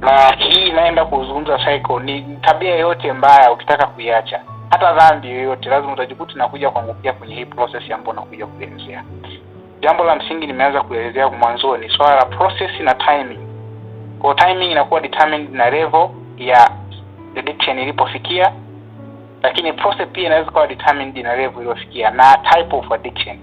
na hii inaenda kuzungumza cycle. Ni tabia yoyote mbaya ukitaka kuiacha, hata dhambi yoyote, lazima utajikuta nakuja kuangukia kwenye hii process ambayo nakuja kuelezea. Jambo la msingi nimeanza kuelezea mwanzo ni swala la process na timing. Kwa timing inakuwa determined na level ya addiction ilipofikia, lakini process pia inaweza kuwa determined na level iliyofikia na type of addiction.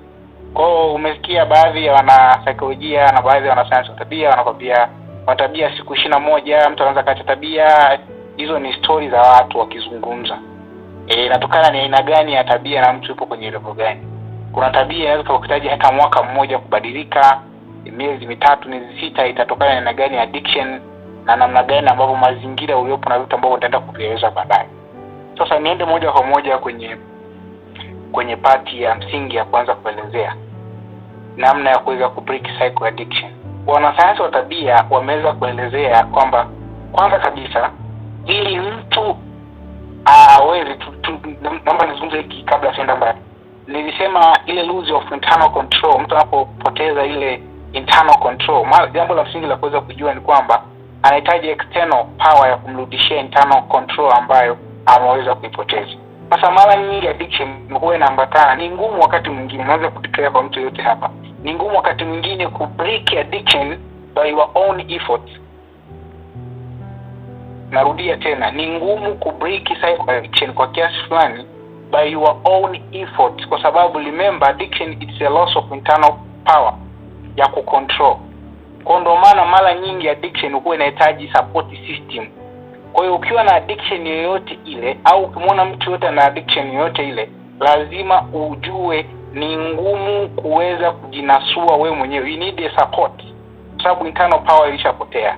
kwao umesikia baadhi ya wana psychology na baadhi ya wana science tabia wanakwambia tabia siku ishirini na moja mtu anaanza kaacha tabia hizo ni stori za watu wakizungumza e, inatokana ni aina gani ya tabia na mtu yupo kwenye levo gani kuna tabia inaweza kukuhitaji hata mwaka mmoja kubadilika miezi mitatu miezi sita itatokana na aina gani ya addiction na namna gani ambavyo mazingira uliopo na vitu ambavyo nitaenda kuvieleza baadaye sasa niende moja kwa moja kwenye kwenye pati ya msingi ya kuanza kuelezea namna ya kuweza kubreak cycle addiction wanasayansi wa tabia wameweza kuelezea kwamba kwanza kabisa ili mtu aweze naomba nizungumze hiki kabla sienda mbali nilisema ile lose of internal control mtu anapopoteza ile internal control jambo la msingi la kuweza kujua ni kwamba anahitaji external power ya kumrudishia internal control ambayo ameweza kuipoteza sasa mara nyingi addiction huwa inaambatana, ni ngumu wakati mwingine, naweza kudeclare kwa mtu yote hapa, ni ngumu wakati mwingine ku break addiction by your own effort Narudia tena, ni ngumu ku break addiction kwa kiasi fulani by your own effort, kwa sababu remember, addiction it's a loss of internal power ya kucontrol. Kwa ndio maana mara nyingi addiction huwa inahitaji support system kwa hiyo ukiwa na addiction yoyote ile au ukimwona mtu yoyote ana addiction yoyote ile, lazima ujue ni ngumu kuweza kujinasua wewe mwenyewe. You need a support, kwa sababu internal power ilishapotea.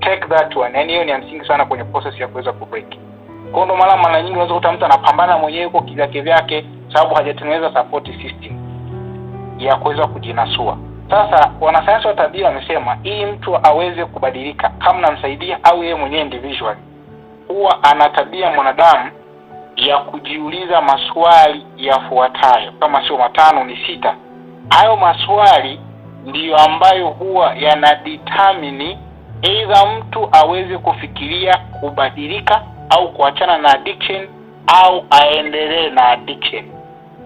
Take that one, yani hiyo ni ya msingi sana kwenye process ya kuweza kubreak. Kwa ndo mara mara nyingi unaweza kuta mtu anapambana mwenyewe huko kivyake vyake, sababu hajatengeneza support system ya kuweza kujinasua. Sasa wanasayansi wa tabia wamesema ili mtu aweze kubadilika, kama namsaidia au yeye mwenyewe individual, huwa ana tabia mwanadamu ya kujiuliza maswali yafuatayo, kama sio matano ni sita. Hayo maswali ndiyo ambayo huwa yanadetermine aidha mtu aweze kufikiria kubadilika au kuachana na addiction au aendelee na addiction.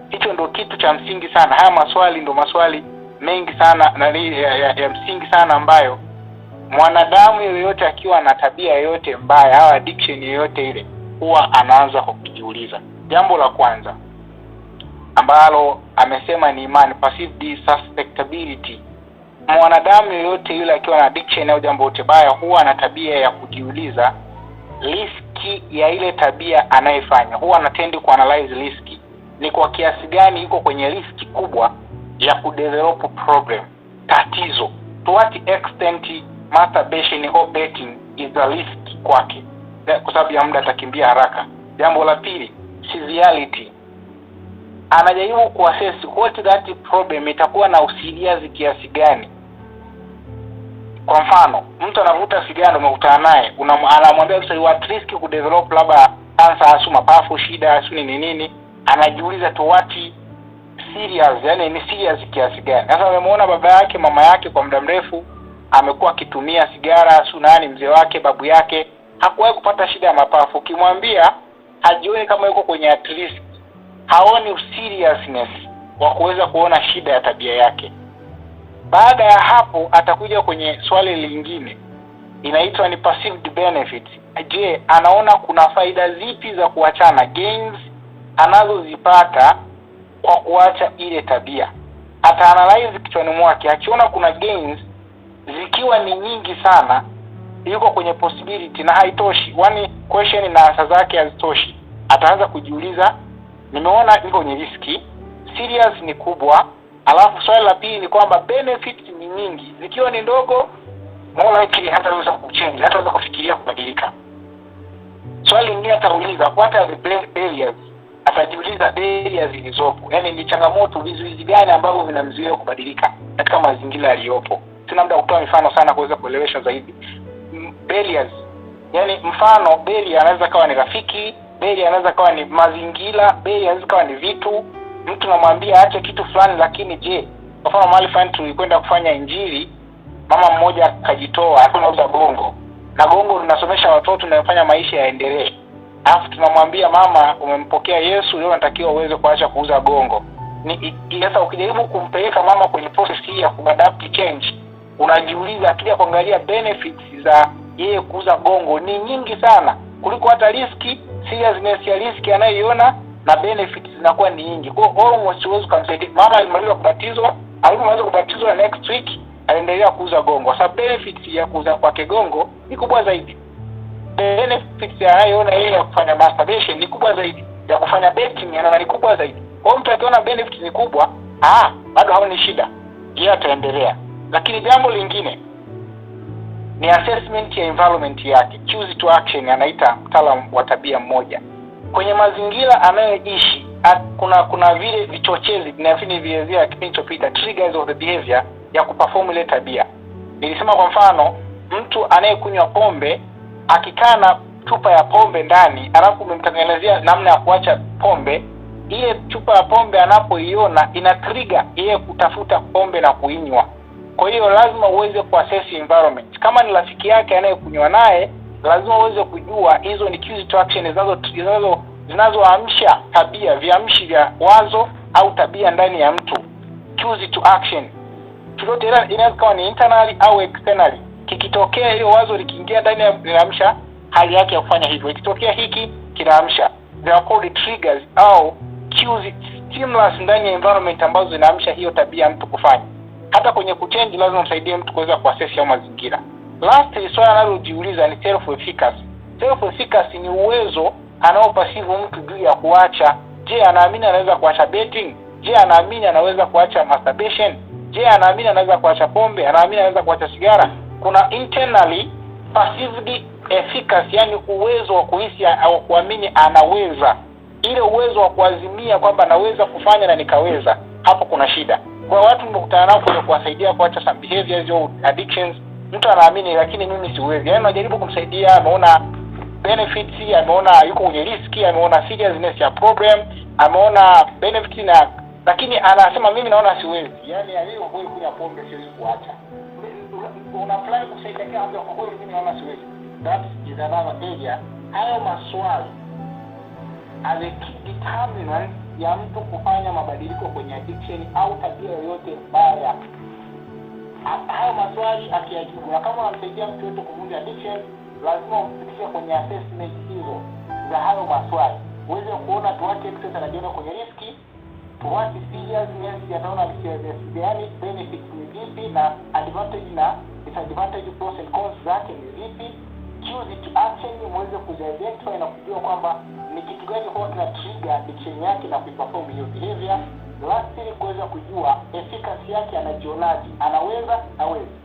Hicho ndo kitu cha msingi sana. Haya maswali ndo maswali mengi sana na ya, ya, ya msingi sana ambayo mwanadamu yoyote akiwa na tabia yoyote mbaya au addiction yoyote ile huwa anaanza kujiuliza. Jambo la kwanza ambalo amesema ni imani, susceptibility. Mwanadamu yoyote yule akiwa na addiction au jambo lote baya huwa na tabia ya kujiuliza riski ya ile tabia anayefanya. Huwa anatendi kuanalyze riski, ni kwa kiasi gani iko kwenye riski kubwa ya kudevelop problem tatizo to what extent masturbation or betting is a risk kwake kwa sababu ya muda atakimbia haraka jambo la pili severity anajaribu kuassess what that problem itakuwa na usiliazi kiasi gani kwa mfano mtu anavuta sigara umekutana naye anamwambia kabisa you at risk kudevelop labda kansa asu mapafu shida asu nini nini anajiuliza to what serious, yani ni serious kiasi gani. Sasa amemwona baba yake mama yake kwa muda mrefu amekuwa akitumia sigara, sunani, mzee wake, babu yake hakuwahi kupata shida ya mapafu. Ukimwambia hajioni kama yuko kwenye at risk, haoni seriousness wa kuweza kuona shida ya tabia yake. Baada ya hapo, atakuja kwenye swali lingine, inaitwa ni perceived benefit Je, anaona kuna faida zipi za kuachana, gains anazozipata kwa kuacha ile tabia ata analyze kichwani mwake akiona kuna gains zikiwa ni nyingi sana yuko kwenye possibility na haitoshi yani question na asa zake hazitoshi ataanza kujiuliza nimeona niko kwenye riski serious ni kubwa alafu swali la pili ni kwamba benefit ni nyingi zikiwa ni ndogo more likely hataweza kuchange hataweza kufikiria kubadilika swali lingine atauliza what are the barriers atajiuliza bei ya zilizopo, yaani ni changamoto, vizuizi gani ambavyo vinamzuia kubadilika katika mazingira yaliyopo. Sina muda kutoa mifano sana kuweza kuelewesha zaidi. Barriers, yaani mfano beli anaweza kawa ni rafiki, beli anaweza kawa ni mazingira, beli anaweza kawa ni vitu. Mtu namwambia aache kitu fulani, lakini je, kwa mfano mahali fulani tulikwenda kufanya Injili, mama mmoja akajitoa, alikuwa anauza gongo na gongo linasomesha watoto na kufanya maisha yaendelee alafu tunamwambia mama, umempokea Yesu, leo natakiwa uweze kuacha kuuza gongo. Ni sasa ukijaribu kumpeleka mama kwenye process hii ya kuadapt change, unajiuliza akija kuangalia benefits za yeye kuuza gongo ni nyingi sana kuliko hata riski, seriousness ya riski anayoiona na benefits zinakuwa ni nyingi. Kwa hiyo almost huwezi kumsaidia mama. Alimaliza kubatizwa, alimaliza kubatizwa next week aliendelea kuuza gongo. sababu benefits ya kuuza kwake gongo ni kubwa zaidi benefits ya anayoona yeye ya kufanya masturbation ni kubwa zaidi, ya kufanya betting anaona ni kubwa zaidi. Kwa mtu akiona benefit ni kubwa, ah, bado haoni shida, yeye ataendelea. Lakini jambo lingine ni assessment ya environment yake, choose to action anaita mtaalam wa tabia mmoja. Kwenye mazingira anayoishi ah, kuna kuna vile vichochezi vinafini vilezea kipindi chopita, triggers of the behavior ya kuperform ile tabia. Nilisema kwa mfano, mtu anayekunywa pombe akikaa na chupa ya pombe ndani, alafu umemtengenezea namna ya kuacha pombe, ile chupa ya pombe anapoiona ina trigger yeye kutafuta pombe na kuinywa. Kwa hiyo lazima uweze kuassess environment. Kama ni rafiki yake anayekunywa naye, lazima uweze kujua hizo ni cues to action zinazo zinazo zinazoamsha tabia, viamshi vya wazo au tabia ndani ya mtu. Cues to action chochote, inaweza kuwa ni internally au externally kikitokea hiyo wazo likiingia ndani ya linaamsha hali yake ya kufanya hivyo ikitokea hiki kinaamsha they are called triggers au cues stimulus ndani ya environment ambazo zinaamsha hiyo tabia mtu kufanya hata kwenye kuchange lazima msaidie mtu kuweza kuassess hayo mazingira last swala analojiuliza ni self efficacy self efficacy ni uwezo anaopasivu mtu juu ya kuacha je anaamini anaweza kuacha betting je anaamini anaweza kuacha masturbation je anaamini anaweza kuacha pombe anaamini anaweza kuacha sigara kuna internally perceived efficacy yani uwezo wa kuhisi au kuamini anaweza ile uwezo wa kuazimia kwamba naweza kufanya na nikaweza hapo kuna shida kwa watu nimekutana nao kwa kuwasaidia kuacha some behaviors au addictions mtu anaamini lakini mimi siwezi yani najaribu kumsaidia ameona benefits ameona yuko kwenye risk, ameona seriousness ya problem ameona benefits na lakini anasema mimi naona siwezi yani aliyekunywa yaani, pombe siwezi kuacha unaplai kusaidia ambia kwa kweli mimi naona siwezi that is another area hayo maswali as a determinant ya mtu kufanya mabadiliko kwenye addiction au tabia yoyote mbaya hayo maswali akiyajibu na kama unamsaidia mtu yote kuvunja addiction lazima umpitishe kwenye assessment hizo za hayo maswali uweze kuona tuwache mtu anajiona kwenye riski tuwache seriousness yataona seriousness gani benefits ni vipi yaani na advantage na disadvantage pros and cons zake ni zipi, cues to action, muweze kuziidentify na kujua kwamba ni kitu gani huwa kina trigger addiction yake na kuiperform hiyo behavior. Lastly, kuweza kujua efficacy yake, anajionaje, anaweza hawezi